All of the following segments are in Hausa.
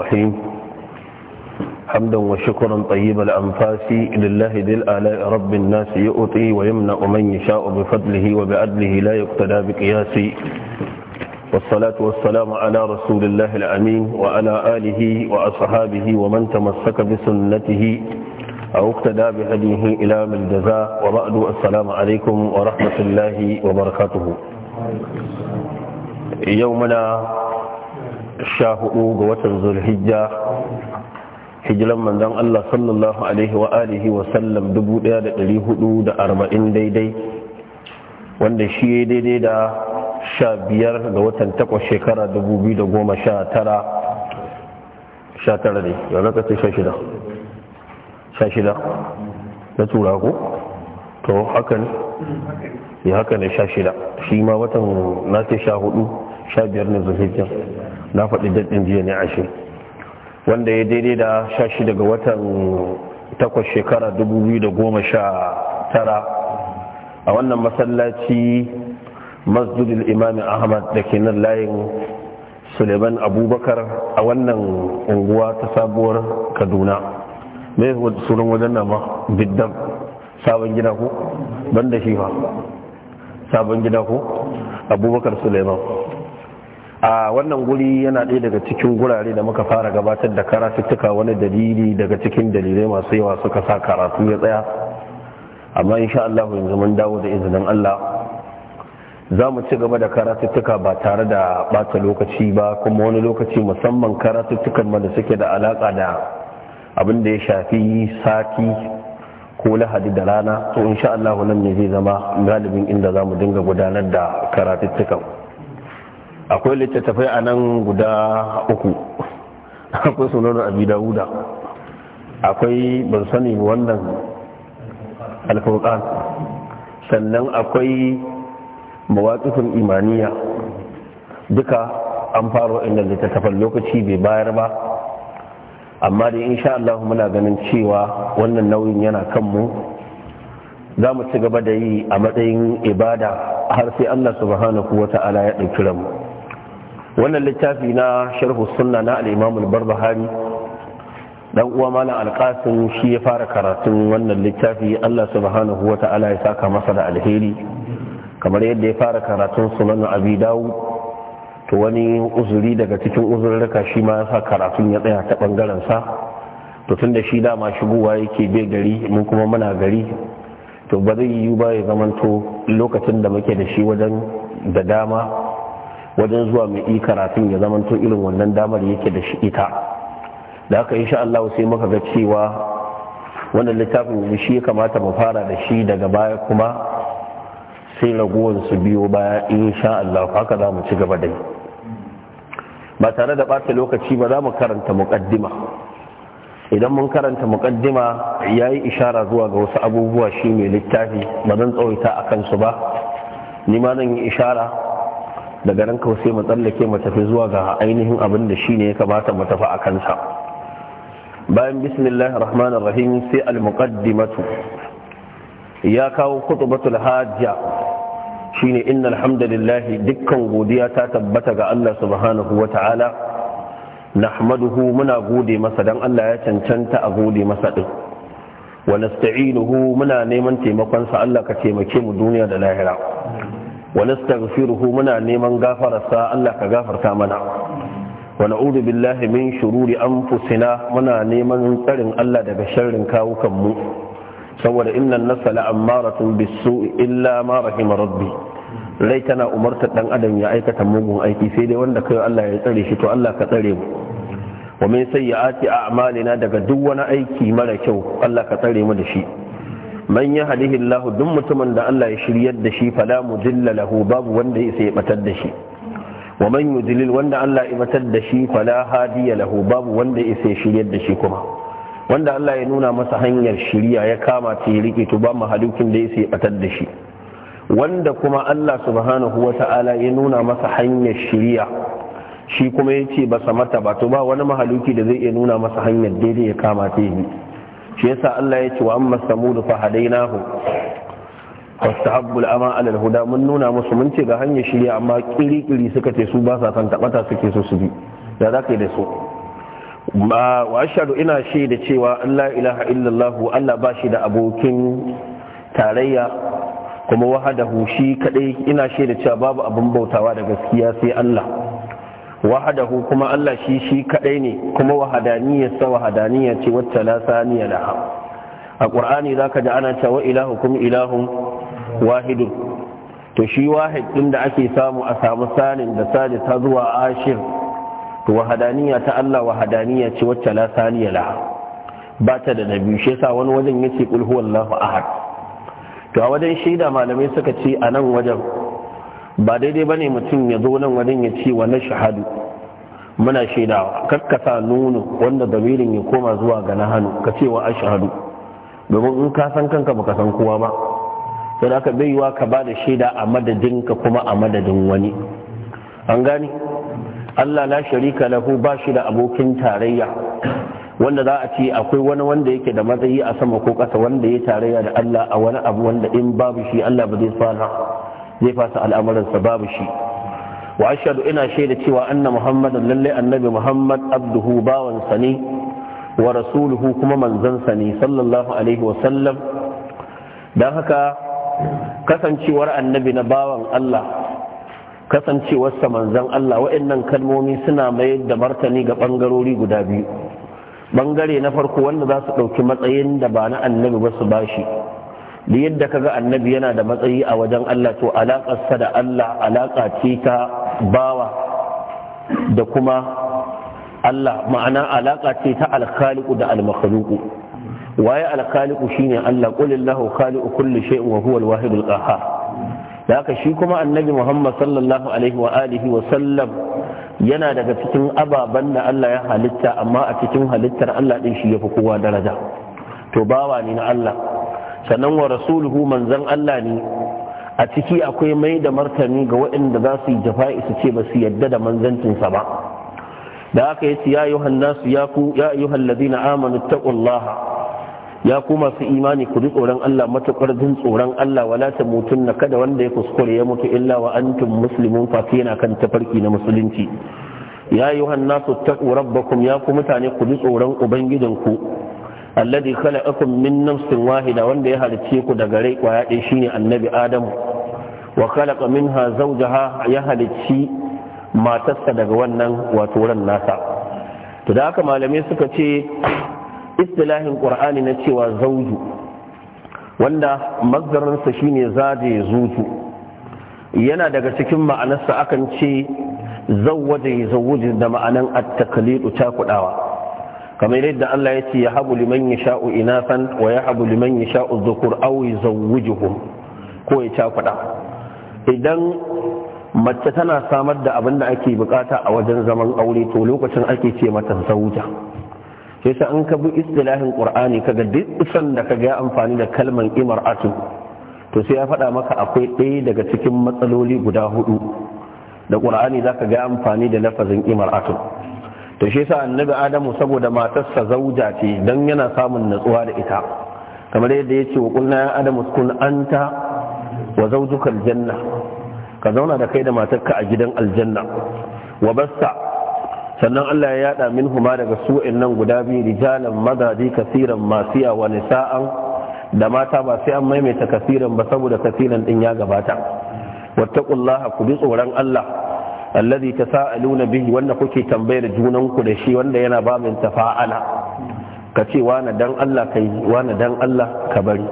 الرحيم حمدا وشكرا طيب الأنفاس لله ذي الآلاء رب الناس يؤتي ويمنع من يشاء بفضله وبعدله لا يقتدى بقياسي والصلاة والسلام على رسول الله الأمين وعلى آله وأصحابه ومن تمسك بسنته أو اقتدى بهديه إلى من جزاء وبعد السلام عليكم ورحمة الله وبركاته يومنا sha huɗu ga watan zulhijja hijiran manzon Allah sallallahu alaihi wa alihi wa sallam 1440 daidai wanda shi daidai da sha biyar ga watan takwas shekara 2019 sha tara ne yau na kasar na tura to hakan ya haka ne sha shi watan na ce sha hudu sha biyar ne na faɗi daɗin jiya ne ashe wanda ya daidai da sha shi daga watan takwas shekara dubu biyu da goma sha tara a wannan masallaci masjidul imami ahmad da ke nan layin suleiman abubakar a wannan unguwa ta sabuwar kaduna mai sunan wajen nama biddam sabon gida ko ban da shi fa sabon gida ko abubakar suleiman a wannan guri yana ɗaya daga cikin gurare da muka fara gabatar da karatuttuka wani dalili daga cikin dalilai masu yawa suka sa karatu ya tsaya amma insha Allah yanzu mun dawo da izinin Allah za mu ci gaba da karatuttuka ba tare da ɓata lokaci ba kuma wani lokaci musamman karatuttukan ma da suke da alaƙa da abin da ya shafi sati ko lahadi da rana to insha Allah nan ne zai zama galibin inda za mu dinga gudanar da karatuttukan akwai littattafai a nan guda uku akwai sunan abi dawuda akwai ban sani wannan alfurkan sannan akwai mawaƙifin imaniya duka an faro inda littattafan lokaci bai bayar ba amma da insha Allah muna ganin cewa wannan nauyin yana kanmu za mu ci gaba da yi a matsayin ibada har sai Allah subhanahu wa ta'ala ya ɗauki mu. wannan littafi na sharhu sunna na al-imam al-barbahari dan uwa malam alqasim shi ya fara karatun wannan littafi Allah subhanahu wa ta'ala ya saka masa da alheri kamar yadda ya fara karatun sunan abi dawud to wani uzuri daga cikin uzurruka shi ma ya sa karatun ya tsaya ta bangaren sa to da shi dama shigowa yake bai gari mun kuma muna gari to ba zai yiwu ba ya zamanto lokacin da muke da shi wajen da dama wajen zuwa mai yi karatun ya zamanto irin wannan damar yake da shi ita da haka insha Allah sai muka ga cewa wannan littafin shi ya kamata mu fara da shi daga baya kuma sai raguwar su biyo baya insha Allah haka za mu ci gaba da yi ba tare da ɓata lokaci ba za mu karanta muƙaddima idan mun karanta muƙaddima ya yi ishara zuwa ga wasu abubuwa shi mai littafi ba zan tsawaita a kansu ba ni ma zan yi ishara daga nan kawai sai mu tsallake mu tafi zuwa ga ainihin abin da shi ne ya kamata mu tafi a kansa bayan bismillahir rahmanir rahim sai al muqaddimatu ya kawo kutubatul hajja shine inna hamdalillah dukkan godiya ta tabbata ga Allah subhanahu wa wata'ala nahmaduhu muna gode masa dan Allah ya cancanta a gode masa din wa nasta'inuhu muna neman taimakon sa Allah ka taimake mu duniya da lahira wa nastaghfiruhu muna neman gafararsa Allah ka gafarta mana wa na'udhu billahi min shururi anfusina muna neman tsarin Allah daga sharrin kawukan mu saboda innan nasala la'ammaratun bisu illa ma rahima rabbi rai tana umarta dan adam ya aikata mugun aiki sai dai wanda kai Allah ya tsare shi to Allah ka tsare mu wa min sayyiati a'malina daga duk wani aiki mara kyau Allah ka tsare mu da shi man yahdihi Allah duk mutumin da Allah ya shiryar da shi fala mudilla lahu babu wanda ya sai batar da shi wa man yudlil wanda Allah ya batar da shi fala hadiya lahu babu wanda ya sai shiryar da shi kuma wanda Allah ya nuna masa hanyar shiriya ya kama ta rike to ba mahalukin da ya sai batar da shi wanda kuma Allah subhanahu wa ta'ala ya nuna masa hanyar shiriya shi kuma ya ce ba mata ba to ba wani mahaluki da zai iya nuna masa hanyar daidai ya kama ta yi shi yasa Allah ya ce wa amma samud fa hadainahu fastahabbul ama ala huda mun nuna musu mun ce ga hanyar shirya amma kiri-kiri suka ce su ba sa san tabata suke so su bi da za ka yi da su ba wa ashadu ina shaida cewa Allah ilaha illallah Allah ba shi da abokin tarayya kuma wahadahu shi kadai ina shaida cewa babu abin bautawa da gaskiya sai Allah wahadahu kuma Allah shi shi kadai ne kuma wahadaniyarsa wahadaniya ce wacce la saniya laha a qur'ani zaka ji ana cewa ilahukum ilahun wahidu to shi wahid din da ake samu a samu sanin da sadi ta zuwa ashir to wahadaniya ta Allah wahadaniya ce wacce la saniya laha ba ta da nabi shi yasa wani wajen yace kul huwallahu ahad to a wajen shaida malamai suka ce a nan wajen ba daidai ba ne mutum ya zo nan wajen ya ce wa na shahadu muna shaidawa kakkasa nuno wanda damirin ya koma zuwa ga na hannu ka ce wa a shahadu. domin in ka san kanka baka san kowa ba sai aka baiwa ka ba da shaida a madadin ka kuma a madadin wani an gane Allah la sharika lahu ba shi da abokin tarayya wanda za a ce akwai wani wanda yake da matsayi a sama ko ƙasa wanda ya tarayya da Allah a wani abu wanda in babu shi Allah ba zai fara zai fasa al'amuransa babu shi wa ashadu ina shaida cewa anna muhammadan lalle annabi muhammad abduhu bawansa ne wa rasuluhu kuma manzansa ne sallallahu alaihi wa sallam dan haka kasancewar annabi na bawan Allah kasancewarsa manzan Allah wa'annan kalmomi suna mai da martani ga bangarori guda biyu bangare na farko wanda za su ɗauki matsayin da ba na annabi ba su bashi da yadda kaga annabi yana da matsayi a wajen Allah to alaƙarsa da Allah alaƙa ce ta bawa da kuma Allah ma'ana alaƙa ce ta alkaliku da almakhluku waye alkhaliku shine Allah qul illahu khaliqu kulli shay'in wa huwa alwahid alqahhar da haka shi kuma annabi Muhammad sallallahu alaihi wa alihi wa sallam yana daga cikin ababen da Allah ya halitta amma a cikin halittar Allah din shi yafi kowa daraja to bawa ne na Allah sannan wa rasuluhu manzan Allah ne a ciki akwai mai da martani ga waɗanda za su yi jafa'i su ce ba su yadda da manzancinsa ba da aka yi ya yi su ya ku ya yi halladina amanu ƙullaha ya ku masu imani ku duk tsoron Allah matuƙar jin tsoron Allah wala ta mutun na kada wanda ya kuskure ya mutu illa wa antum muslimun yana kan tafarki na musulunci ya yi ta ƙurabba kuma ya ku mutane ku duk tsoron ubangijinku alladhi khalaqakum min nafsin wahida wanda ya halice ku daga rai kwaya ɗaya shine annabi adamu wa khalaqa minha zawjaha ya halicci matarsa daga wannan wato ran nasa to da haka malamai suka ce istilahin qur'ani na cewa zawju wanda mazdaransa shine zaje zuju yana daga cikin ma'anarsa akan ce zawwaje zawujin da ma'anan at-taqlidu ta kudawa kamar yadda Allah ya ce ya habu liman ya sha'u inasan wa ya habu liman ya sha'u zukur awi zawujuhum ko ya cakuɗa idan mace tana samar da abin da ake bukata a wajen zaman aure to lokacin ake ce mata zawuja sai sa an ka bi istilahin qur'ani kaga duk isan da kaga ya amfani da kalman imar'atu to sai ya faɗa maka akwai ɗaya daga cikin matsaloli guda hudu da ƙur'ani za ka ga amfani da lafazin imar'atu to shi sa annabi adamu saboda matarsa zauja ce don yana samun natsuwa da ita kamar yadda ya ce wa kulna ya adamu kun anta wa zaujukal janna ka zauna da kai da matarka a gidan aljanna wa basta sannan Allah ya yada min huma daga su nan guda biyu rijalan mazaji kasiran masiya wa nisa'an da mata ba sai an maimaita kasiran ba saboda kasiran din ya gabata wattaqullaha ku bi tsoron Allah alladhi tasaaluna bihi wanda kuke tambayar junan ku da shi wanda yana ba min tafa'ala ka ce wani dan Allah kai wani dan Allah ka bari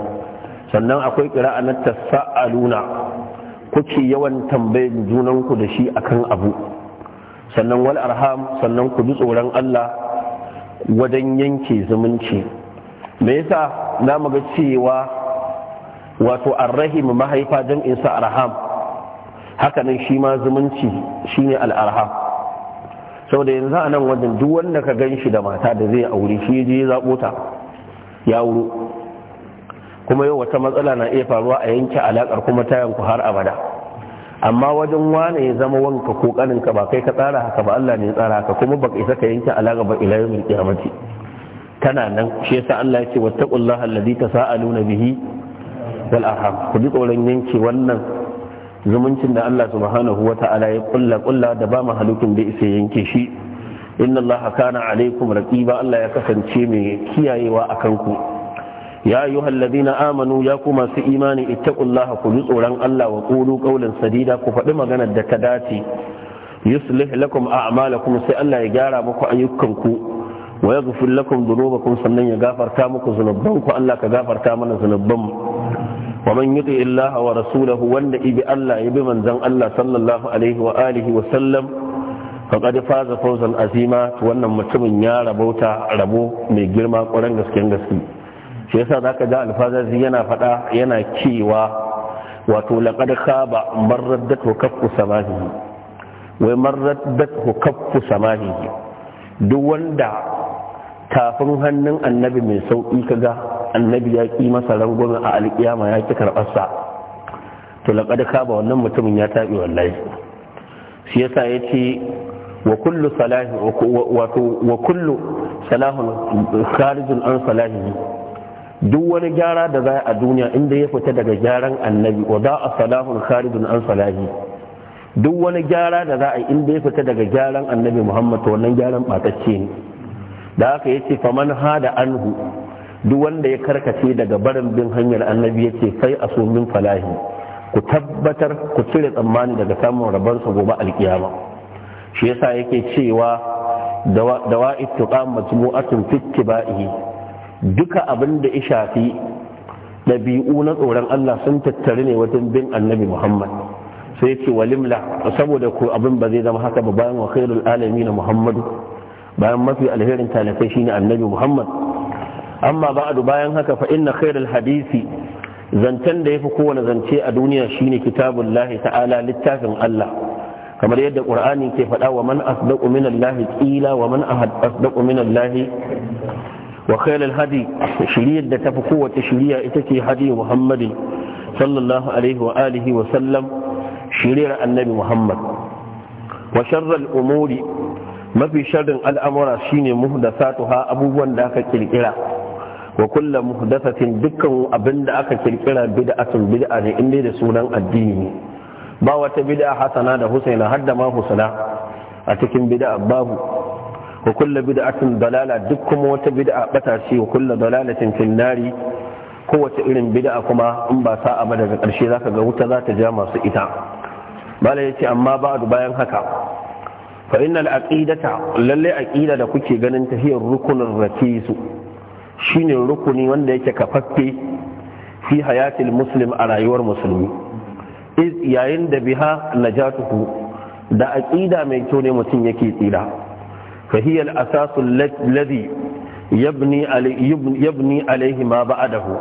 sannan akwai qira'a na tasaaluna kuke yawan tambayar junanku ku da shi akan abu sannan wal arham sannan ku bi tsoron Allah wajen yanke zumunci me yasa na muga cewa wato arrahim mahaifa dan sa arham hakanan shi ma zumunci shi ne al'arha saboda yanzu a nan wajen duk wanda ka gan shi da mata da zai aure shi ya je ya zaɓo ta ya wuro kuma yau wata matsala na iya faruwa a yanke alaƙar kuma ta yanku har abada amma wajen wane ya zama wanka ko kaninka ba kai ka tsara haka ba Allah ne ya tsara haka kuma baka isa ka yanke alaƙa ba ila yau qiyamati tana nan shi yasa Allah ya ce wattaqullaha allazi tasaaluna bihi wal arham ku ji tsoron yanke wannan zumuncin da Allah subhanahu wa ta'ala ya kulla kulla da ba mahalukin da isa yanke shi inna Allah kana alaikum raqiba Allah ya kasance mai kiyayewa akan ku ya ayyuhal ladina amanu ya ku masu imani ittaqullaha ku ji tsoron Allah wa qulu qawlan sadida ku faɗi maganar da ta dace yuslih lakum a'malakum sai Allah ya gyara muku ayyukanku wa yaghfir lakum dhunubakum sannan ya gafarta muku zunubanku Allah ka gafarta mana zunubanmu ومن يطع الله ورسوله والنبي بالله يبي من زن الله صلى الله عليه وآله وسلم فقد فاز فوزا عظيما wannan mutumin ya rabauta rabo mai girma ƙwarar gaskiyar gaske shi yasa zaka ga alfazazi yana faɗa yana cewa wato laqad khaba marraddatu kaffu samahi wai marraddatu kaffu samahi duk wanda tafin hannun annabi mai sauƙi kaga annabi ya ƙi masa rangon a alƙiyama ya ƙi karɓarsa to laƙada kaba wannan mutumin ya taɓi wallahi shi yasa ya ce wa kullu salahi wato wa kullu salahun kharijun an salahi duk wani gyara da za a duniya inda ya fita daga gyaran annabi wa za a salahun kharijun an salahi duk wani gyara da za a inda ya fita daga gyaran annabi muhammad to wannan gyaran ɓatacce ne da haka ya ce faman hada anhu duk wanda ya karkace daga barin bin hanyar annabi ya ce sai a min falahi ku tabbatar ku cire tsammani daga samun rabarsa gobe alkiyama shi yasa yake cewa da wa ittiqam majmu'atun fittiba'i duka abinda da ya shafi dabi'u na tsoron Allah sun tattare ne wajen bin annabi Muhammad sai ce walimla saboda ko abin ba zai zama haka ba bayan wa khairul alamin Muhammadu bayan mafi alherin talakai shine annabi Muhammad amma ba'adu bayan haka fa inna hadisi zancen da yafi kowane zance a duniya shine lahi ta'ala littafin Allah kamar yadda qur'ani ke faɗa wa man asdaqu min allahi qila wa man asdaqu min wa khairal hadi shiriyar da tafi kowace shiriya ita ce hadi muhammadin sallallahu alaihi wa alihi wa sallam shiriyar annabi muhammad wa sharral umuri mafi sharrin al'amura shine muhdathatuha abubuwan da aka kirkira wa kulla muhdathatin dukkan abin da aka kirkira bid'atun bid'a ne in da sunan addini ne ba wata bid'a hasana da husaina har da ma husana a cikin bid'a babu wa kulla bid'atin dalala duk kuma wata bid'a bata ce wa kulla dalalatin fil kowace irin bid'a kuma in ba sa'a ba daga ƙarshe zaka ga wuta za ta ja masu ita bala yace amma ba'du bayan haka fa innal aqidata lalle aqida da kuke ganin tahiyar rukunin rakisu shine rukuni wanda yake kafaffe fi hayatil muslim a rayuwar musulmi iz yayin da biha najatuhu da aqida mai kyau ne mutum yake tsira fa hiya al asasu alladhi yabni yabni alayhi ma ba'dahu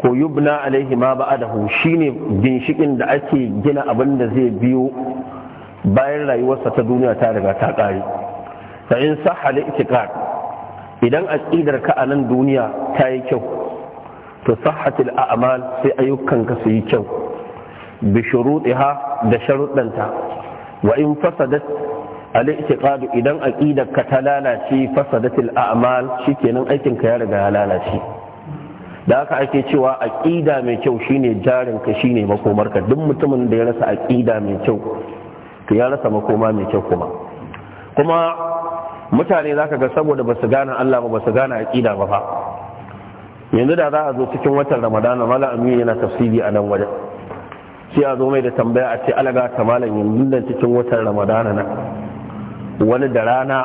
ko yubna alayhi ma ba'dahu shine ginshikin da ake gina abin da zai biyo bayan rayuwarsa ta duniya ta riga ta kare fa in sahha al idan aqidar ka a nan duniya ta yi kyau to sahhatul a'mal sai ayyukan ka su yi kyau bi shurutiha da sharuɗanta wa in fasadat al-i'tiqad idan aqidar ka ta lalace fasadatul a'mal shikenan aikin ka ya riga ya lalace da haka ake cewa aƙida mai kyau shine jarin ka shine makomarka duk mutumin da ya rasa aqida mai kyau to ya rasa makoma mai kyau kuma kuma mutane za ka ga saboda ba su gane Allah ba ba su gane aƙida ba fa yanzu da za a zo cikin watan ramadana mala aminu yana tafsiri a nan wajen sai a zo mai da tambaya a ce alaga ta malam yanzu da cikin watan ramadana na wani da rana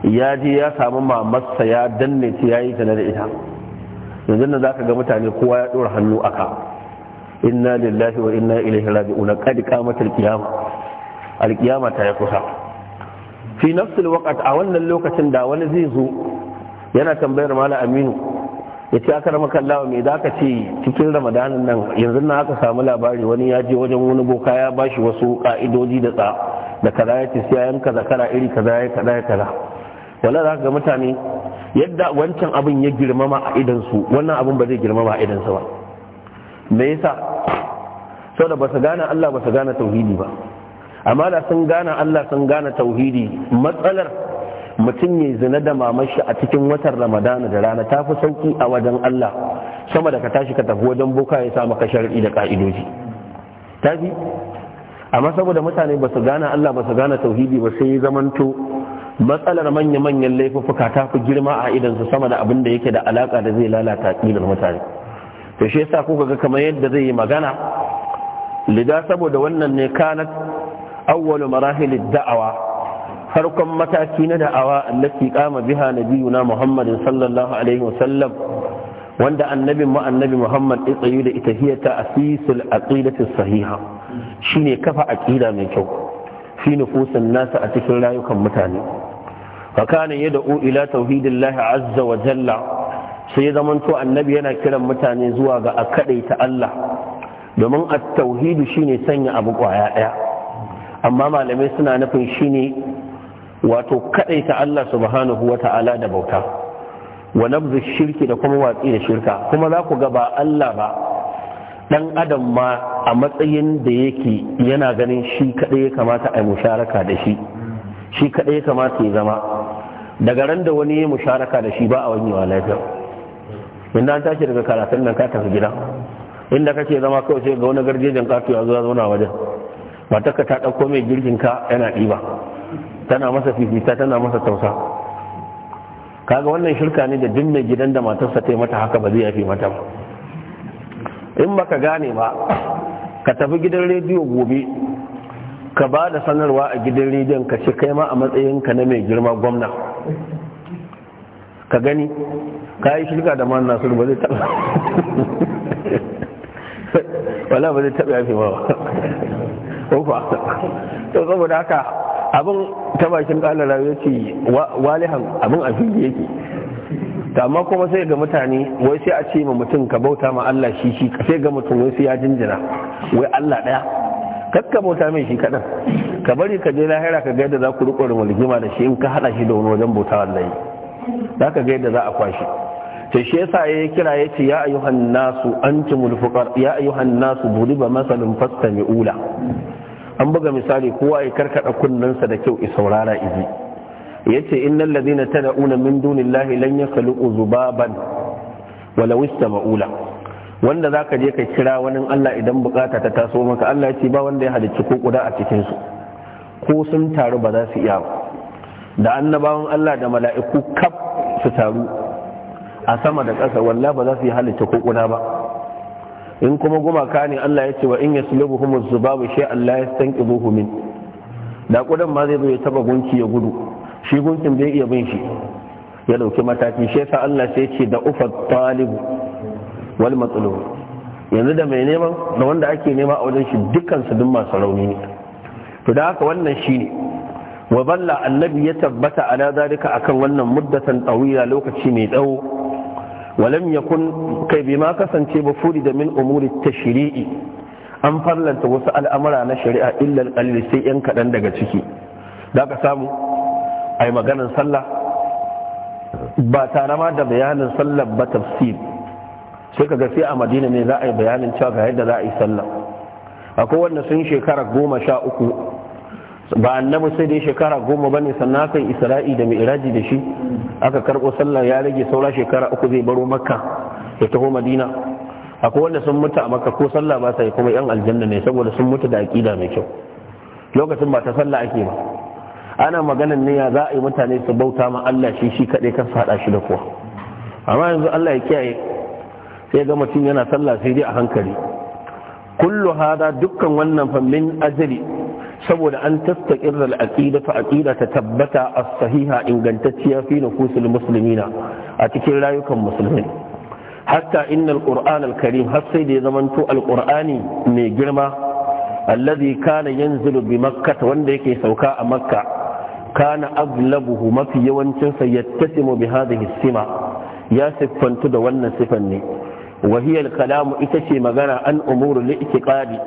ya je ya samu mamarsa ya danne ta ya yi zana da ita yanzu da za ka ga mutane kowa ya ɗora hannu a ka inna lillahi wa inna ilaihi raji'un qad qamatil qiyamah alqiyama ta ya kusa fi nafsul waqt a wannan lokacin da wani zai zo yana tambayar mala aminu ya ce aka rama kallawa mai za ka ce cikin ramadanin nan yanzu na aka samu labari wani ya je wajen wani boka ya bashi wasu ka'idoji da tsa da kaza ya ce sai ya yanka zakara iri kaza ya kaza ya kaza wala za ka ga mutane yadda wancan abin ya girmama a su wannan abin ba zai girmama a su ba me yasa saboda ba su gane Allah ba su gane tauhidi ba Amma da sun gane Allah sun gane tauhidi matsalar mutum ya zina da mamashi a cikin watan ramadana da rana ta fi sauki a wajen Allah sama da ka tashi ka tafi wajen boka ya sa maka shar'i da ka'idoji tafi amma saboda mutane ba su gane Allah ba su gane tauhidi ba sai zamanto matsalar manya-manyan laifuffuka ta fi girma a idansu sama da abin da yake da alaka da zai lalata ƙilar mutane to shi yasa kuka ga kamar yadda zai yi magana lida saboda wannan ne kanat awwalu marahilin da'awa farkon mataki na da'awa allati kama biha nabiyuna muhammadin sallallahu alaihi wasallam wanda annabin mu annabi muhammad ya tsayu da ita hiya ta asisul aqidatu sahiha shine kafa aqida mai kyau fi nufusin nasa a cikin rayukan mutane fa kana yad'u ila tauhidillahi azza wa jalla sai zaman to annabi yana kiran mutane zuwa ga akadaita Allah domin at-tauhidu shine sanya abu kwaya daya amma malamai suna nufin shine wato kadaita Allah subhanahu wa ta'ala da bauta wa nabzu shirki da kuma watsi da shirka kuma za ku ga ba Allah ba dan adam ma a matsayin da yake yana ganin shi kadai ya kamata a yi musharaka da shi shi kadai ya kamata ya zama daga ran da wani ya musharaka da shi ba a wani wa lafiya inda an tashi daga karatun nan ka tafi gida inda kake zama kawai sai ga wani garjejen kato zuwa zauna wajen matarka ta ɗauko mai girkin ka yana ɗiba tana masa fifita tana masa tausa kaga wannan shirka ne da duk mai gidan da matarsa ta yi mata haka ba zai yafi mata ba in baka gane ba ka tafi gidan rediyo gobe ka ba da sanarwa a gidan rediyon ka ce kai ma a matsayin ka na mai girma gwamna ka gani ka yi shirka da man nasiru ba zai taɓa wala ba ba ko to saboda haka abin ta bakin kalala yake walihan abin a yake da amma kuma sai ga mutane wai sai a ce ma mutum ka bauta ma Allah shi shi sai ga mutum wai sai ya jinjina wai Allah daya kakka bauta mai shi kadan ka bari ka je lahira ka ga yadda za ku riko da da shi in ka hada shi da wani wajen bauta wallahi za ka ga yadda za a kwashi ta shi yasa ya kira ya ce ya ayyuhan nasu antumul fuqar ya ayyuhan nasu fasta mai ula an buga misali kowa ya karkada sa da kyau saurara iji yace innal ladina tad'una min dunillahi lan yakhluqu zubaban wala istama'ula wanda zaka je ka kira wani Allah idan bukata ta taso maka Allah yace ba wanda ya halicci ko kuda a cikin su ko sun taru ba za su iya da annabawan Allah da mala'iku kaf su taru a sama da ƙasa walla ba za su yi halitta ko kuda ba in kuma gumaka ne Allah ya ce wa in ya yaslubuhum az-zubabu ya la yastanqidhuhu min da kudan ma zai zo ya taba gunki ya gudu shi gunkin bai iya bin shi ya dauki mataki shi yasa Allah sai ce da ufa talibu wal matlub yanzu da mai neman da wanda ake nema a wajen shi dukkan su duk masu rauni ne to da haka wannan shine wa balla annabi ya tabbata ala zalika akan wannan muddatan tawila lokaci mai tsawo walam yakun kai bai ma kasance ba furi da min umuri tashri'i an farlanta wasu al'amura na shari'a illar qalil sai yan kadan daga ciki da ka samu ai maganar sallah ba tare ma da bayanin sallah ba tafsir sai ka sai a madina ne za a yi bayanin cewa ga yadda za a yi sallah akwai wanda sun shekara goma sha uku ba annabi sai da shekara goma bane sannan aka yi isra'i da mi'raji da shi aka karɓo sallah ya rage saura shekara uku zai baro makka ya taho madina akwai wanda sun mutu a makka ko sallah ba sa yi kuma yan aljanna ne saboda sun mutu da aƙida mai kyau lokacin ba ta sallah ake ba ana maganan ne ya za a yi mutane su bauta ma Allah shi shi kaɗai kan haɗa shi da kowa amma yanzu Allah ya kiyaye sai ga mutum yana sallah sai dai a hankali kullu hada dukkan wannan fa min saboda an tattaƙirar al'aƙida ta aƙida ta tabbata a sahiha ingantacciya fi nufusul musulmina a cikin rayukan musulmi hatta innal qur'an al-karim har sai da ya zamanto al-qur'ani mai girma alladhi kana yanzilu bi makkah wanda yake sauka a makka kana aglabuhu mafi yawancin sa yattasimu bi hadhihi sima ya siffantu da wannan sifan ne wahiyar kalamu ita ce magana an umuru li'tiqadi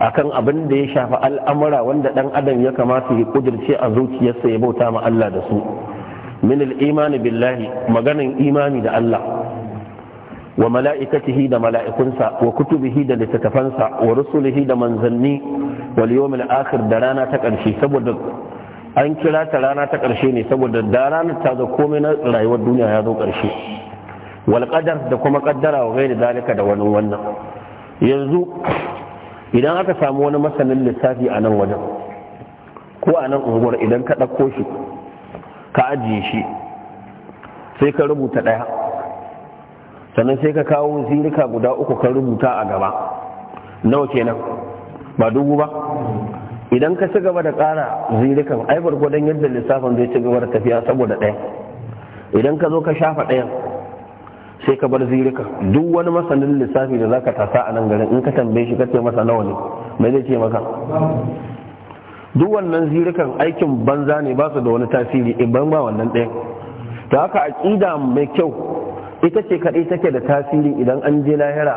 akan abin da ya shafi al'amura wanda dan adam ya kamata ya kudirce a zuciyarsa ya bauta ma Allah da su min al-imani billahi maganan imani da Allah wa mala'ikatihi da mala'ikunsa wa kutubihi da littattafansa wa rusulihi da manzanni wal yawmil akhir da rana ta ƙarshe saboda an kira ta rana ta ƙarshe ne saboda da ranar ta zo komai na rayuwar duniya ya zo ƙarshe wal da kuma qaddara wa ghairi dalika da wani wannan yanzu idan aka samu wani masanin lissafi a nan wajen ko a nan unguwar idan ka ɗauko shi ka ajiye shi sai ka rubuta ɗaya sannan sai ka kawo zirika guda uku ka rubuta a gaba nawa kenan ba dubu ba idan ka ci gaba da ƙara zirikan ai gwadon yadda lissafin zai ci gaba da tafiya saboda ɗaya idan ka zo ka shafa ɗayan sai ka bar zirika duk wani masanin lissafi da zaka tasa a nan garin in ka tambaye shi ka ce masa nawa ne mai zai ce maka duk wannan zirikan aikin banza ne ba su da wani tasiri ban ba wannan ɗayan da haka aƙida mai kyau ita ce kaɗai take da tasiri idan an je lahira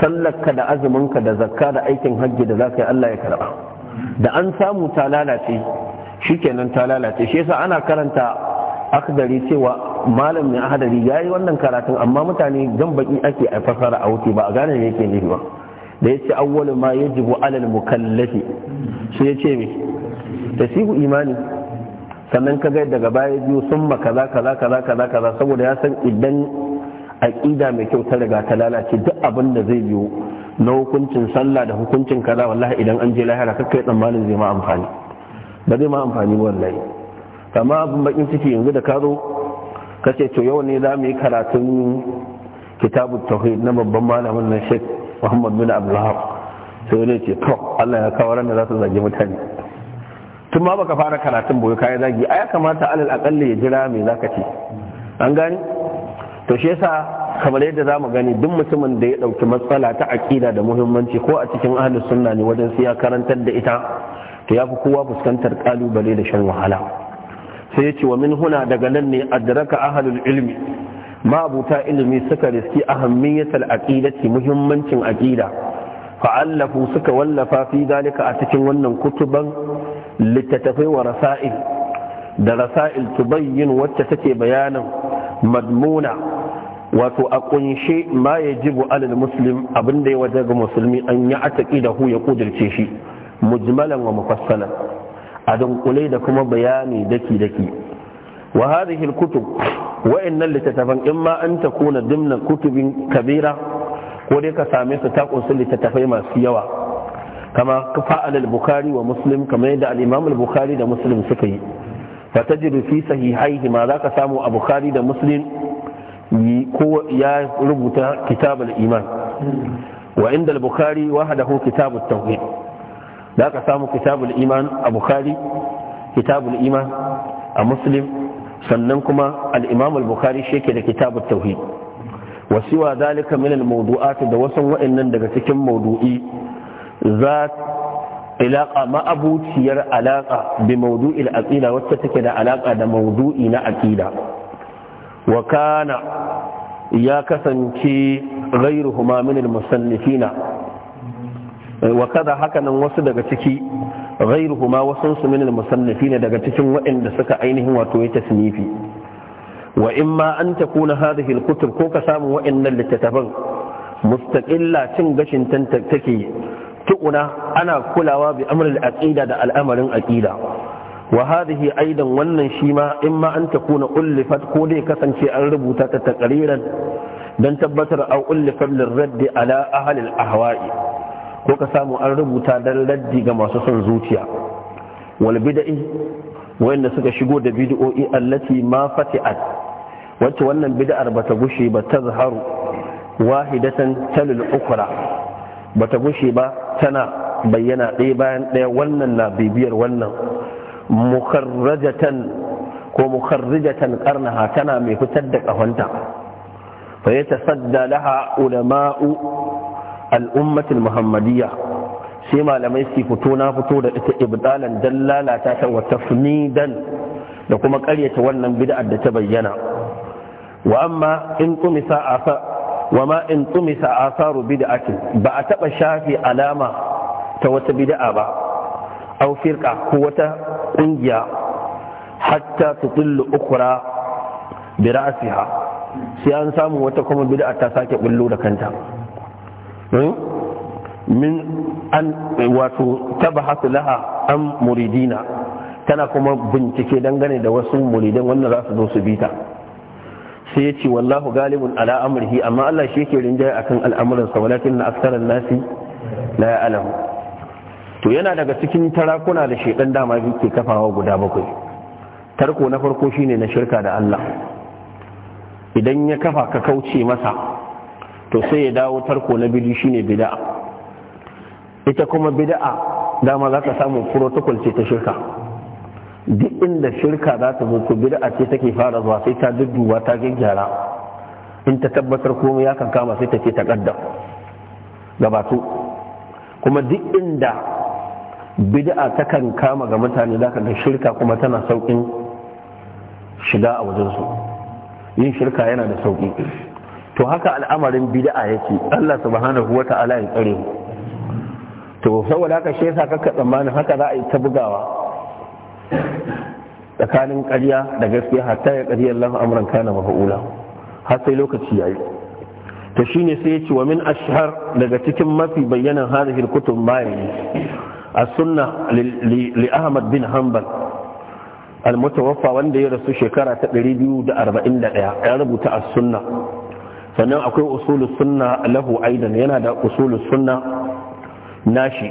sallarka da azuminka da zakka da aikin hajji da zaka yi Allah ya karɓa da an samu ta lalace shikenan ta lalace shi yasa ana karanta akdari cewa malam ya hadari ya yi wannan karatun amma mutane jan baki ake a fasara a wuce ba a gane me yake nufi ba da ya ce awwalu ma yajibu alal mukallafi sai ya ce me tasihu imani sannan ka ga daga baya biyu sun ma kaza kaza kaza kaza kaza saboda ya san idan aqida mai kyau ta riga ta lalace duk abin da zai biyo na hukuncin sallah da hukuncin kaza wallahi idan an je lahira kakkai tsammanin zai ma amfani ba zai ma amfani wallahi kama abin bakin ciki yanzu da ka zo kace to yau ne za mu yi karatun kitabu tauhid na babban malamin nan Sheikh Muhammad bin Abdullah sai ne ce to Allah ya kawo ranar za su zage mutane tun ma baka fara karatun boye kai zagi ai kamata alal akalli ya jira mai zaka ce an gani to shi yasa kamar yadda zamu gani duk mutumin da ya ɗauki matsala ta aqida da muhimmanci ko a cikin ahlus sunna ne wajen sai ya karantar da ita to yafi kowa fuskantar ƙalubale da shan wahala sai ya ce wa min huna daga nan ne adraka ahlul ilmi ma'abuta ilimi suka riski ahammiyatul aqidati muhimmancin aƙida fa'allafu suka wallafa fi dalika a cikin wannan kutuban littattafai wa rasa'il da rasa'il tubayyin wacce take bayanin madmuna wato a kunshe ma ya jibu alal muslim abinda ya waje ga musulmi an yi ataƙi da hu ya kudirce shi mujmalan wa mufassalan a dunkule da kuma bayani daki daki wa hadhihi al-kutub wa innal litatafan imma an takuna dimna kutubin kabira ko dai ka same su ta kunsu litatafai masu yawa kama fa'al al-bukhari wa muslim kama yadda al-imam al-bukhari da muslim suka yi fa tajidu fi sahihaihi ma zaka samu a bukhari da muslim ko ya rubuta kitab al-iman wa inda al-bukhari wahdahu kitab at-tauhid da ka samu kitabul iman a bukhari kitabul iman a muslim sannan kuma al-imam al-bukhari shi yake da kitabut tauhid wasiwa dalika min al-mawdu'at da wasan wa'annan daga cikin mawdu'i za ilaqa ma'abuciyar alaqa bi mawdu'il aqida wacce take da alaqa da mawdu'i na aqida wa kana ya kasance ghayruhuma min al-musannifina Eh, wa hakanan wasu daga ciki ma wasu su min al ne daga cikin waɗanda suka ainihin wato ya tasnifi wa ma an takuna hadhihi al-kutub ko ka samu waɗannan littattafan mustaqilla cin gashin take tu'una ana kulawa bi amrul aqida da al'amarin aqida wa hadhihi aidan wannan shi ma ma an takuna ullifat ko dai kasance an rubuta ta taqriran dan tabbatar au ullifat lirraddi ala ahli al-ahwa'i ko ka samu an rubuta dan laddi ga masu son zuciya wal bid'i wayanda suka shigo da bid'o'i allati ma fati'at wacce wannan bid'ar bata gushe ba ta zaharu wahidatan talil ukra bata gushe ba tana bayyana ɗaya bayan ɗaya wannan na bibiyar wannan mukharrajatan ko mukarrijatan karnaha tana mai fitar da ƙahonta fa ya sadda laha ulama'u Al'ummatin muhammadiyya sai malamai su fito na fito da ita ibdalan dan lalata ta wa tafnidan da kuma karyata wannan bida da ta bayyana wa amma in tumisa asa wa ma in tumisa asaru bid'atin ba a taba shafi alama ta wata bid'a ba aw firqa ko wata kungiya hatta tutillu ukhra bi ra'siha sai an samu wata kuma bid'a ta sake bullo da kanta Hmm? min an wato tabahatu laha an muridina tana kuma bincike dangane da wasu muridan wannan za su zo su bita sai ya ce wallahu galibun ala amrihi amma Allah shi yake rinjaye akan al'amuransa walakin na aksaran nasi la ya'lamu to yana daga cikin tarakuna da shedan dama yake kafawa guda bakwai tarko na farko shine na shirka da Allah idan ya kafa ka kauce masa to sai ya dawo tarko na biyu shine bid'a ita kuma bid'a dama za ka samu protocol ce ta shirka duk inda shirka za ta zo bid'a ce take fara zuwa sai ta dudduba ta gaggara. in ta tabbatar komai ya kama sai ta ce ta kaddam gabatu kuma duk inda bid'a ta kama ga mutane za ka ga shirka kuma tana saukin shiga a wajensu yin shirka yana da sauki to haka al'amarin bid'a yake Allah subhanahu wata'ala ya tsare mu to saboda haka shi yasa kaka tsammanin haka za a yi ta bugawa tsakanin ƙarya da gaskiya hatta ya ƙarya Allah amran kana mafaula har sai lokaci yayi to shine sai yace wa min ashhar daga cikin mafi bayyanan hadhihi kutub bayani as-sunnah li Ahmad bin Hanbal wanda ya rasu shekara ta 241 ya rubuta as sunna sannan akwai usulu sunna lahu aidan yana da usulu sunna nashi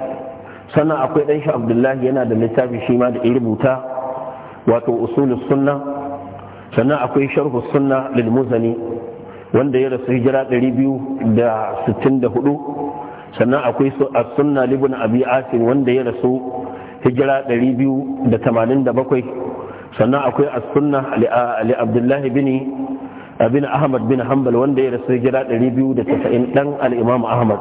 sannan akwai dan shi abdullahi yana da littafi shi ma da rubuta wato usulu sunna sannan akwai sharhu sunna lil muzani wanda ya rasu hijira 264 sannan akwai as-sunna libn abi asim wanda ya rasu hijira 287 sannan akwai as-sunna li abdullahi bin abin ahmad bin hanbal wanda ya rasu jira 290 dan al-imam ahmad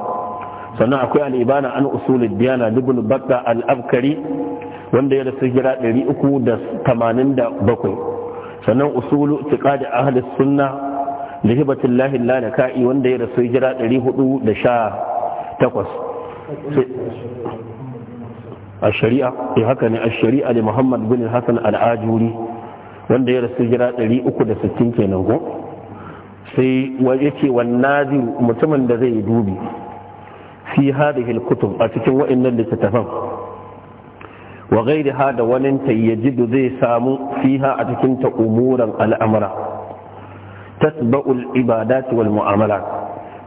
sannan akwai al-ibana an usulul diyana ibn bakka al-abkari wanda ya rasu jira 387 sannan usulu tiqadi ahli sunna lihibatullahi al-lanakai wanda ya rasu jira 418 الشريعة هكذا الشريعة لمحمد بن الحسن العاجولي wanda ya rasu jira 360 kenan ko sai yake wannazi mutumin da zai dubi fi hadhihi alkutub a cikin wa'annan littattafan wa ghairi hada wani ta zai samu fiha a cikin ta umuran al'amara tasba'ul ibadat wal mu'amalat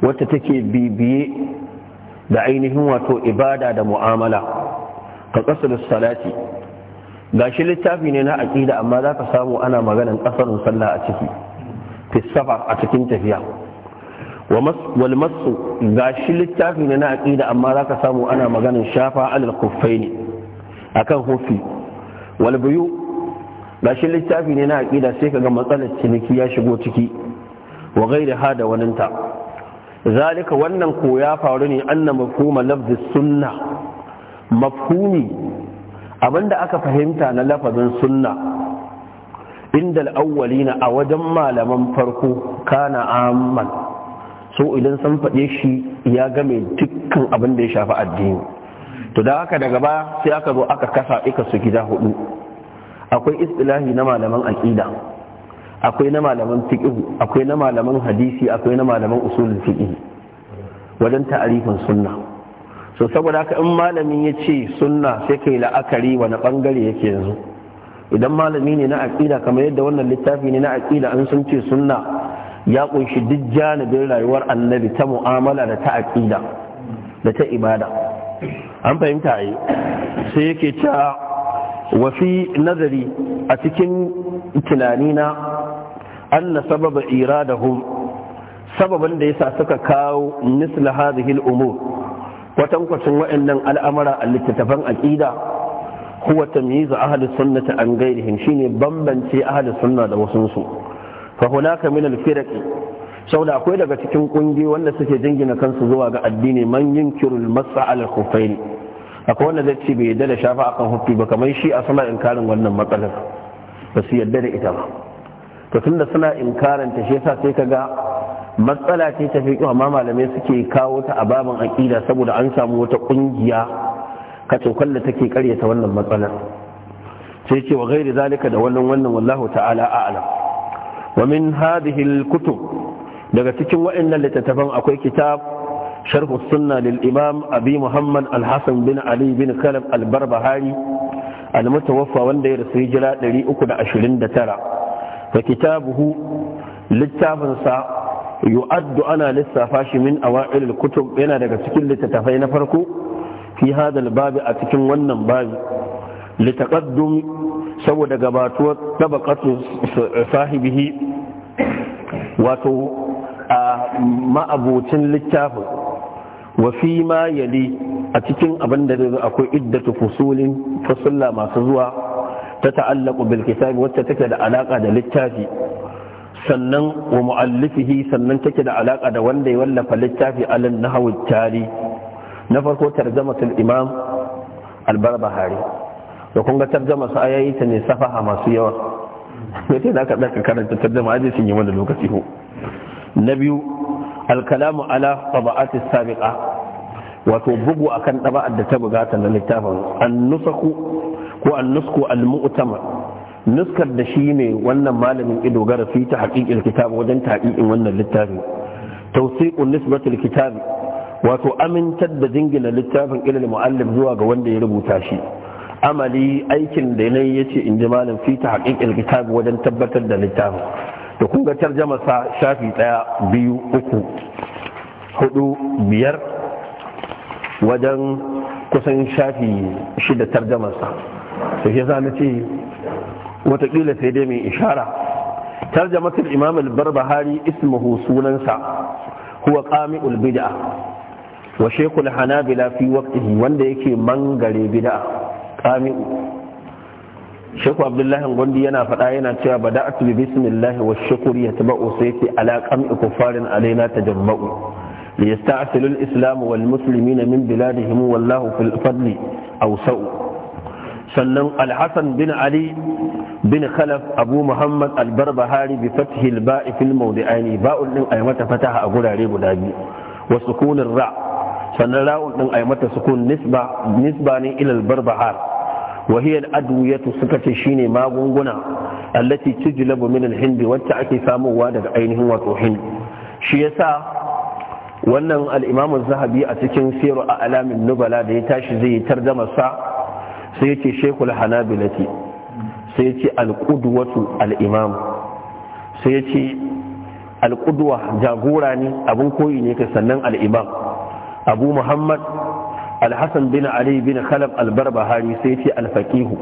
wacce take bibiye da ainihin wato ibada da mu'amala ka kasar salati gashi littafi ne na aƙida amma za ka samu ana maganan ƙasar sallah a ciki fi a cikin tafiya wal ga gashi littafi ne na aqida amma za ka samu ana maganin shafa alal khuffaini akan hufi wal buyu gashi littafi ne na aqida sai ka ga matsalar ciniki ya shigo ciki wa gairi hada waninta zalika wannan ko ya faru ne anna mafhuma lafzi sunna mafhumi abinda aka fahimta na lafazin sunna inda na a wajen malaman farko kana amman so idan san faɗe shi ya game dukkan abin da ya shafi addini to da haka daga ba sai aka zo aka kasa ika su gida hudu akwai istilahi na malaman aqida akwai na malaman fiqh akwai na malaman hadisi akwai na malaman usulul fiqh wajen ta'arifin sunna so saboda haka in malamin ya ce sunna sai kai la'akari wani bangare yake yanzu idan malami ne na aƙida kamar yadda wannan littafi ne na aƙida an sun ce sunna ya ƙunshi duk janibin rayuwar annabi ta mu'amala da ta aƙida da ta ibada an fahimta a yi sai yake ta wafi nazari a cikin tunanina an na sababa hu sababan da yasa suka kawo misla hadhihi al-umur kwatankwacin wa'annan al'amara a littattafan aƙida huwa tamyiz ahli sunnati an ghairihim shine bambance ahli sunna da wasun su fa hunaka min al firqi saboda akwai daga cikin kungi wanda suke jingina kansu zuwa ga addini man yunkiru al masa al khuffain akwai wanda zai ce bai yarda da shafa akan huffi ba kamar shi a sama inkarin wannan matsalar ba su yadda da ita ba to tunda suna inkarin ta shi yasa sai kaga matsala ce ta fi amma malamai suke kawo ta a babin aqida saboda an samu wata kungiya kacokan da take karyata wannan matsalar sai ce wa gairi zalika da wannan wannan wallahu ta'ala a'lam wa min hadhihi al-kutub daga cikin waɗannan littattafan akwai kitab sharh sunna lil imam abi muhammad al-hasan bin ali bin kalab al-barbahari al-mutawaffa wanda ya rasu hijira 329 wa kitabuhu littafinsa yu'addu ana lissafa shi min awa'il al-kutub yana daga cikin littattafai na farko fi hadal babi a cikin wannan babi litaqaddum saboda gabatuwar tabaqatu sahibihi wato a ma'abocin littafin wa fi ma yali a cikin abin da zai akwai iddatu fusulin fasulla masu zuwa ta ta'allaku bil kitabi wacce take da alaka da littafi sannan wa mu'allifihi sannan take da alaka da wanda ya wallafa littafi na nahwi tari na farko tarjamatul imam albarbahari da kun ga tarjama su ayayi ta ne safaha masu yawa me sai da aka daka karanta tarjama aje sun yi mana lokaci na biyu alkalamu ala taba'ati sabiqa wato bugu akan taba'ar da ta bugata na littafin annusaku ko al almu'tamar nuskar da shi ne wannan malamin ido gara fi ta haƙiƙin kitab wajen taƙiƙin wannan littafi tausiqun nisbatul kitabi wato amintar da jingina littafin ilil mu'allim zuwa ga wanda ya rubuta shi amali aikin da yanayi ya ce in ji malam fi ta haƙiƙin kitab wajen tabbatar da littafin da kun ga tarjama sa shafi ɗaya biyu uku hudu biyar wajen kusan shafi shida tarjamar sa su ke yasa ce watakila sai dai mai ishara tarjamatul imam al-barbahari ismuhu sunansa huwa qami'ul bid'ah wa shekul hanabila fi waqtihi wanda yake mangare bid'a qami'u shekul abdullahi gondi yana faɗa yana cewa bada'atu bi bismillahi wa shukr yatba'u sayti ala qam'i kuffarin alaina tajamma'u ليستعسل الإسلام والمسلمين من بلادهم والله في الفضل أوسأ sannan alhassan bin ali bin khalaf abu muhammad albarbahari bi fathi alba'i fil mawdi'aini ba'ul din ay mata fataha a gurare guda biyu wa sukunin ra sannan ra'un din ai mata sukun nisba nisba ne ilal barbahar wa hiya al suka ce shine magunguna allati tujlabu min al-hind wacce ake samuwa daga ainihin wato hind shi yasa wannan al-imam zahabi a cikin siru a an nubala da ya tashi zai tarjama sa sai ya ce hanabilati sai ya al-qudwatu al-imam sai ya al-qudwa jagora ne Abun koyi ne ka sannan al-imam abu muhammad alhassan bin ali bin khalab albarbahari sai ce alfaqihu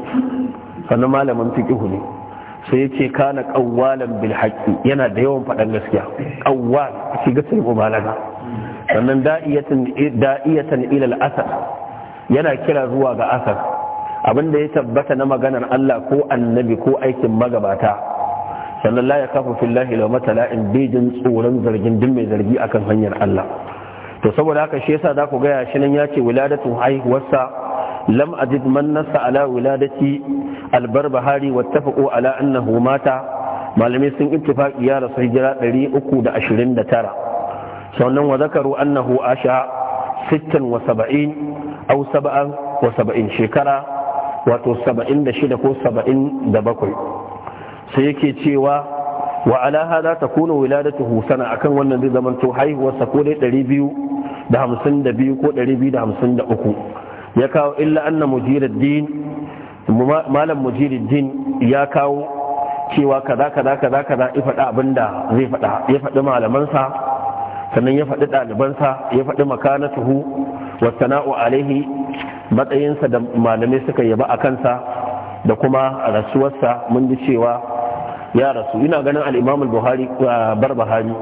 sannan malamin fiqihu ne sai ce kana qawwalan bil haqqi yana da yawan faɗan gaskiya qawwal shi ga sai mubalaga sannan da'iyatan da'iyatan ila al-asar yana kira zuwa ga asar abinda ya tabbata na maganar Allah ko annabi ko aikin magabata sannan la ya kafa fillahi law matala'in bijin tsoron zargin din mai zargi akan hanyar Allah to saboda haka shi yasa za ku gaya shi nan ya ce wiladatu haihuwarsa lam ajid man nasa ala wiladati albarbahari wattafaqu ala annahu mata malamai sun ittifaqi ya rasu hijira 329 sannan wa zakaru annahu asha 76 aw 77 shekara wato 76 ko 77 sai yake cewa wa ala hada takunu wiladatuhu sana akan wannan zai zaman to haihuwarsa ko dai 252 ko 253 ya kawo illa anna mujiruddin malam mujiruddin ya kawo cewa kaza kaza kaza kaza ya faɗa abinda zai faɗa ya faɗi malamansa sannan ya faɗi ɗalibansa ya faɗi makanatuhu wa sana'u alaihi matsayinsa da malamai suka yaba a kansa da kuma rasuwarsa mun ji cewa ya rasu ina ganin al a bar buhari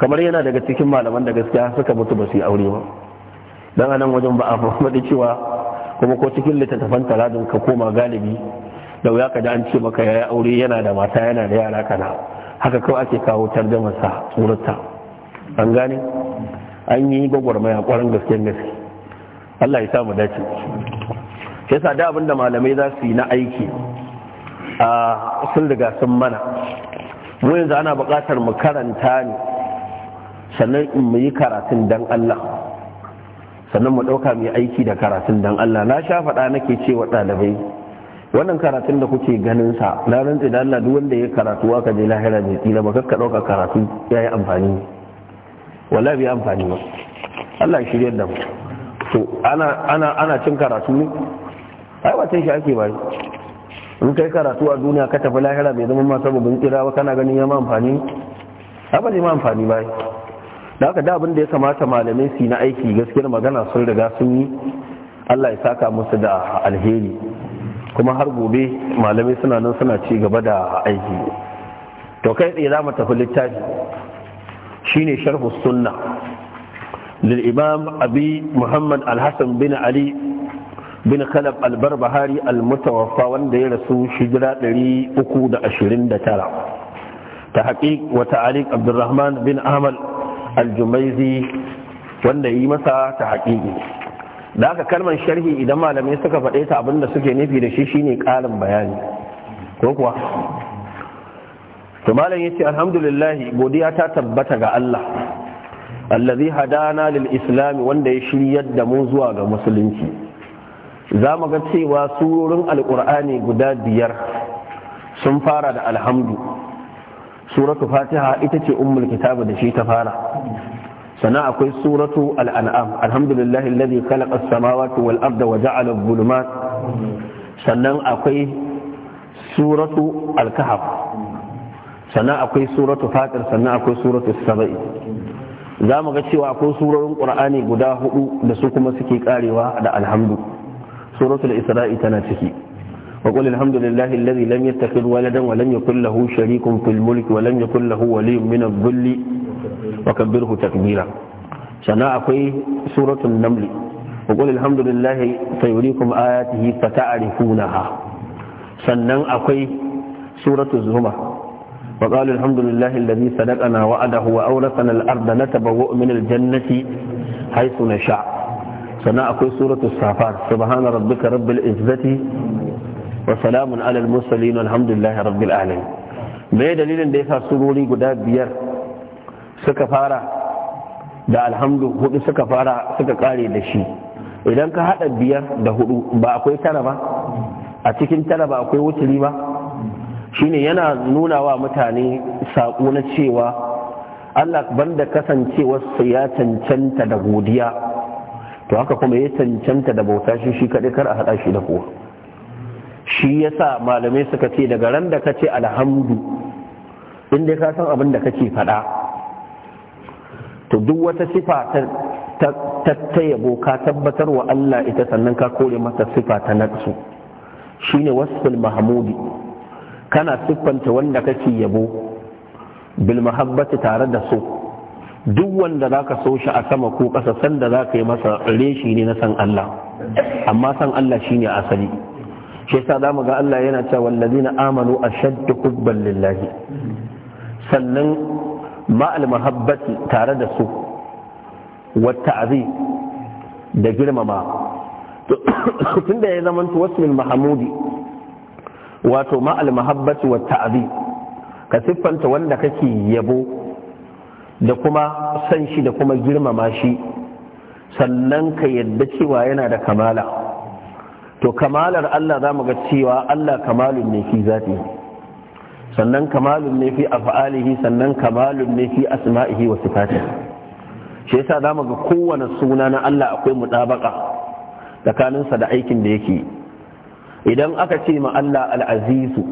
kamar yana daga cikin malaman da gaskiya suka mutu ba su yi aure ba dan anan wajen ba a faɗi cewa kuma ko cikin littattafan taladin ka koma galibi da wuya ka da an ce maka yi aure yana da mata yana da yara kana haka kawai ake kawo tarjamar sa an gane an yi gwagwarmaya kwarin gaskiyar gaske Allah ya sa mu dace yasa da abinda malamai za su yi na aiki a sun riga sun mana mu yanzu ana buƙatar mu karanta ne sannan in mu yi karatun dan Allah sannan mu ɗauka mu yi aiki da karatun dan Allah na sha faɗa nake cewa ɗalibai wannan karatun da kuke ganin sa na rantsi da Allah duk wanda ya karatu aka je lahira mai tsina ba kakka ɗauka karatu ya yi amfani wallahi bai amfani ba Allah ya shirya da mu to ana ana ana cin karatu ne ai watan shi ake bari in kai karatu a duniya ka tafi lahira mai zama masu babban kira ba kana ganin ya amfani ba amfani ba da haka da abin da ya kamata malamai su yi na aiki gaskiyar magana sun riga sun yi Allah ya saka musu da alheri kuma har gobe malamai suna nan suna ci gaba da aiki to kai tsaye za mu tafi littafi shine sharhu sunna lil imam abi muhammad al-hasan bin ali bin khalaf albarbahari almutawaffa wanda ya rasu da 329 ta haƙiƙ wa ta'aliq abdurrahman bin ahmad aljumaizi wanda yi masa ta haƙiƙi da aka kalmar sharhi idan malamai suka faɗe ta abinda suke nufi da shi shine ƙarin bayani ko kuwa to malam ce alhamdulillahi godiya ta tabbata ga Allah allazi hadana lil islam wanda ya shiryar da mu zuwa ga musulunci za mu ga cewa surorin alƙur'ani guda biyar sun fara da alhamdu suratu fatiha ita ce ummul kitabu da shi ta fara sannan akwai suratu al'an'am alhamdulillah alladhi khalaqa as-samawati wal arda wa ja'ala adh-dhulumat sannan akwai suratu al-kahf sannan akwai suratu fatir sannan akwai suratu sabai za mu ga cewa akwai surorin qur'ani guda hudu da su kuma suke karewa da alhamdu suratul isra'i tana ciki وقل الحمد لله الذي لم يتخذ ولدا ولم يكن له شريك في الملك ولم يكن له ولي من الذل وكبره تكبيرا سنا أقوي سورة النمل وقل الحمد لله سيريكم آياته فتعرفونها سنا أقوي سورة الزمر وقالوا الحمد لله الذي صدقنا وعده وأورثنا الأرض نتبوأ من الجنة حيث نشاء sannan akwai suratul safar subhana rabbika rabbil izzati wa salamun alal mursalin alhamdulillahi rabbil alamin me dalilin da yasa surori guda biyar suka fara da alhamdu hudu suka fara suka kare da shi idan ka hada biyar da hudu ba akwai tara ba a cikin tara ba akwai wuturi ba shine yana nuna wa mutane saƙo na cewa Allah banda kasancewarsa ya cancanta da godiya to haka kuma ya cancanta da bauta shi shi kaɗai kar a haɗa shi da kowa shi ya sa malamai suka ce daga ran da ka ce alhamdu inda ka san abin da kake faɗa to duk wata sifa ta ta yabo ka tabbatar wa Allah ita sannan ka kore masa sifa ta naqsu shine wasful mahmudi kana siffanta wanda kake yabo bil mahabbati tare da so duk wanda za ka so shi a sama ko ƙasa sanda za ka yi masa reshi ne na san Allah amma san Allah shi a asali shi yasa za mu ga Allah yana cewa na amanu shadda hubban lillahi sannan ma'al mahabbati tare da su wata azi da girmama tunda ya zama wasmil mahamudi wato ma'al mahabbati wata azi ka siffanta wanda kake yabo da kuma san shi da kuma girmama shi sannan ka yadda cewa yana da kamala to kamalar Allah za mu ga cewa Allah kamalun ne fi zati sannan kamalun ne fi af'alihi sannan kamalun ne fi asma'ihi wa sifatihi shi yasa za mu ga kowane suna na Allah akwai mutabaka tsakaninsa da aikin da yake idan aka ce ma Allah al-azizu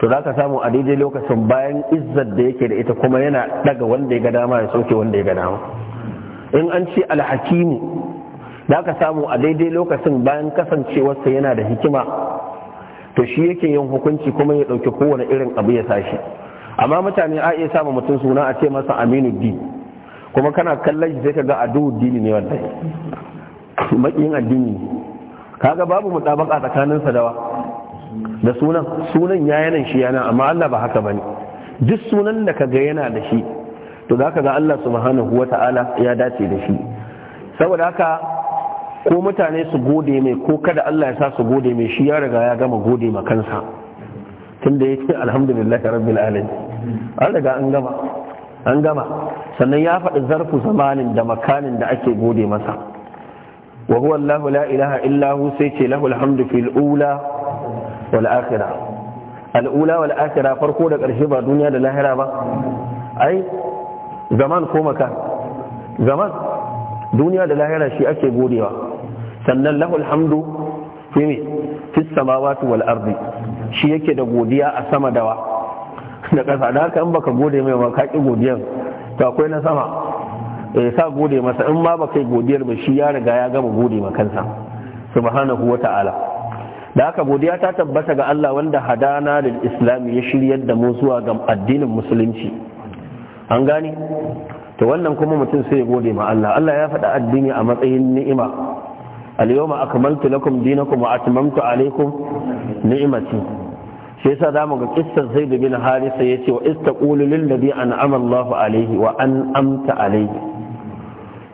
to za ka samu a daidai lokacin bayan izzar da yake da ita kuma yana daga wanda ya ga dama ya soke wanda ya ga dama in an ce alhakimu za ka samu a daidai lokacin bayan kasancewarsa yana da hikima to shi yake yin hukunci kuma ya ɗauki kowane irin abu ya sashi amma mutane a iya samun mutum suna a ce masa aminu di kuma kana kallon shi sai ka ga addu'u dini ne wallahi makiyin addini kaga babu mutabaka tsakanin sadawa da sunan sunan ya yanan shi yana amma Allah ba haka bane duk sunan da ka ga yana da shi to za ka ga Allah subhanahu wa ta'ala ya dace da shi saboda haka ko mutane su gode mai ko kada Allah ya sa su gode mai shi ya riga ya gama gode ma kansa tunda ya ce alhamdulillah rabbil alamin an riga an gama an gama sannan ya faɗi zarfu zamanin da makanin da ake gode masa wa huwa la ilaha illa hu sai ce lahu alhamdu fil ula wal akhirah al'ula wal akhirah farko da ƙarshe ba duniya da lahira ba ai zaman ko maka zaman duniya da lahira shi ake godewa sannan lahul hamdu fi ne fi samawati wal ardi shi yake da godiya a sama da wa. da ƙasa da kan baka gode mai ba ka ki godiyan to akwai na sama ya eh, sa gode masa in ma ba kai godiyar ba shi ya riga ya gama gode ma kansa subhanahu wa ta'ala da haka godiya ta tabbata ga Allah wanda hadana da islam ya shiryar da mu zuwa ga addinin musulunci an gane to wannan kuma mutum sai ya gode ma Allah Allah ya faɗa addini a matsayin ni'ima al-yawma akmaltu lakum dinakum wa atmamtu alaykum ni'mati shi yasa zamu ga kissar Zaid bin Harisa yace wa istaqulu lil ladhi an'ama Allah alayhi wa an amta alayhi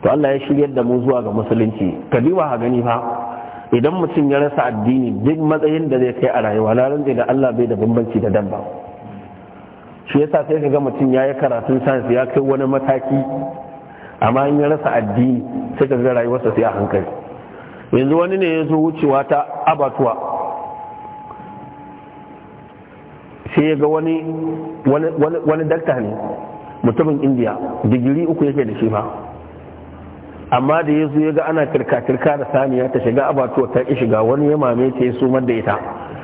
to Allah ya shiryar da mu zuwa ga musulunci ka ha gani fa idan mutum ya rasa addini duk matsayin da zai kai a rayuwa na laran da Allah bai da bambanci da dabba shi yasa sai ka ga mutum ya yi karatun sansu ya kai wani mataki amma in ya rasa addini sai ka ga rayuwarsa sai a hankali yanzu wani ne ya zo wucewa ta abatuwa sai ya ga wani wani dakta ne mutumin indiya digiri uku yake da shi ba amma da ya zo ya ga ana kirkatirka da saniya ta shiga abatuwa ta ki shiga wani ya mame ta ya sumar da ita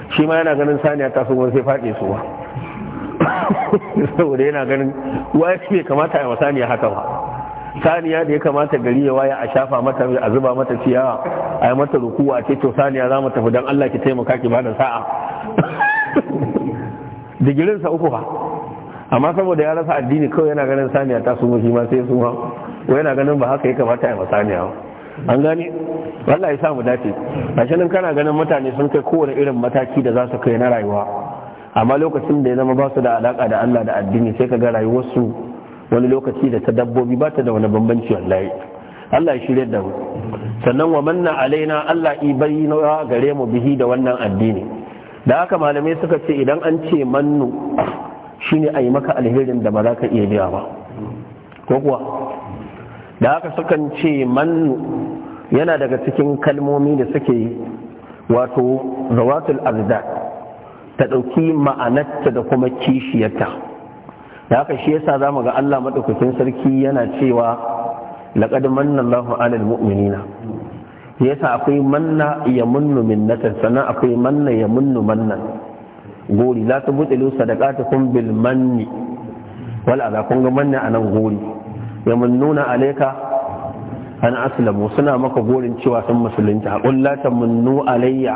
shi ma yana ganin saniya ta sumar sai faɗi su ba saboda yana ganin waye bai kamata ya saniya haka ba saniya da ya kamata gari ya waya a shafa mata a zuba mata ciyawa a yi mata rukuwa ce to saniya za mu tafi don Allah ki taimaka ki bada sa'a digirinsa uku ba amma saboda ya rasa addini kawai yana ganin saniya ta sumo shi ma sai suma wai yana ganin ba haka ya kamata ya masaniya an gani wallah ya samu dace a shanin kana ganin mutane sun kai kowane irin mataki da za su kai na rayuwa amma lokacin da ya zama ba su da alaka da Allah da addini sai ka ga rayuwarsu wani lokaci da ta dabbobi ba ta da wani bambanci wallahi Allah ya shirya da mu sannan wa manna alaina Allah ibai na gare mu bihi da wannan addini da haka malamai suka ce idan an ce mannu shine a yi maka alherin da ba za ka iya biya ba ko kuwa da haka sukan ce man yana daga cikin kalmomi da suke wato zawatul arda ta ɗauki ma'anarta da kuma kishiyarta da haka shi yasa za mu ga Allah maɗaukakin sarki yana cewa laƙad manna Allahu alal mu'minina yasa akwai manna ya munnu minnatan sannan akwai manna ya munnu mannan gori la tubtilu sadaqatukum bil manni wal kun ga manna anan gori yamunnuna alayka an aslamu suna maka gorin cewa sun musulunta kullata munnu alayya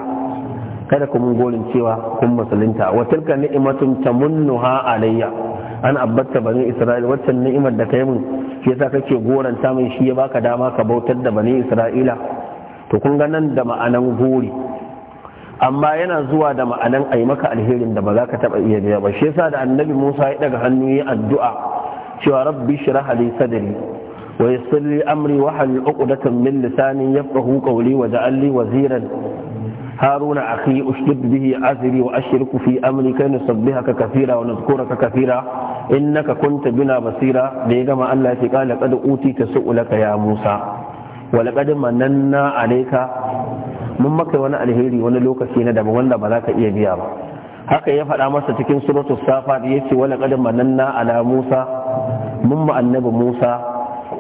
kada ku mun gorin cewa kun musulunta wa tilka ni'matun tamunnuha alayya an abbatta bani isra'il waccan ni'imar da kai mun shi yasa kake goranta min shi ya baka dama ka bautar da bani isra'ila to kun ga nan da ma'anan gori amma yana zuwa da ma'anan ai maka alherin da ba za ka taɓa iya biya ba shi yasa da annabi musa ya daga hannu ya addu'a cewa rabbi shira hadisa da ni wa ya amri wa hali uƙudatan min lisani ya fahu ƙauli wa da'alli wa haruna a kai ushdud bihi azri wa ashriku fi amri kai na sabbiha ka kafira wa nazkura ka kafira innaka kunta bina basira da ya gama Allah ya ce qala qad uti ta su'ulaka ya Musa wa laqad mananna alayka mun maka wani alheri wani lokaci na daban wanda ba za ka iya biya ba haka ya faɗa masa cikin suratul da yace wala qad mananna ala musa mun ma annabi musa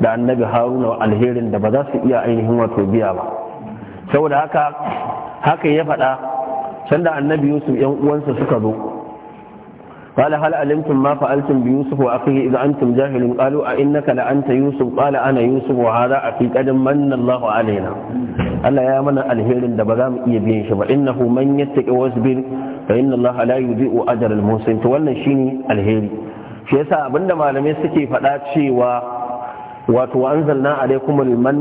da annabi haruna alherin da ba za su iya ainihin wato biya ba saboda haka haka ya faɗa sanda annabi yusuf yan uwansa suka zo قال هل علمتم ما فعلتم بيوسف وأخيه إذا أنتم جاهلون قالوا أئنك لأنت يوسف قال أنا يوسف وهذا أخي قد من الله علينا Allah ya mana alherin da ba za mu iya biyan shi ba innahu man yattaqi wasbir fa inna Allah la yudhi'u ajra al-muhsin to wannan shine alheri shi yasa abinda malamai suke faɗa cewa wato anzalna alaikum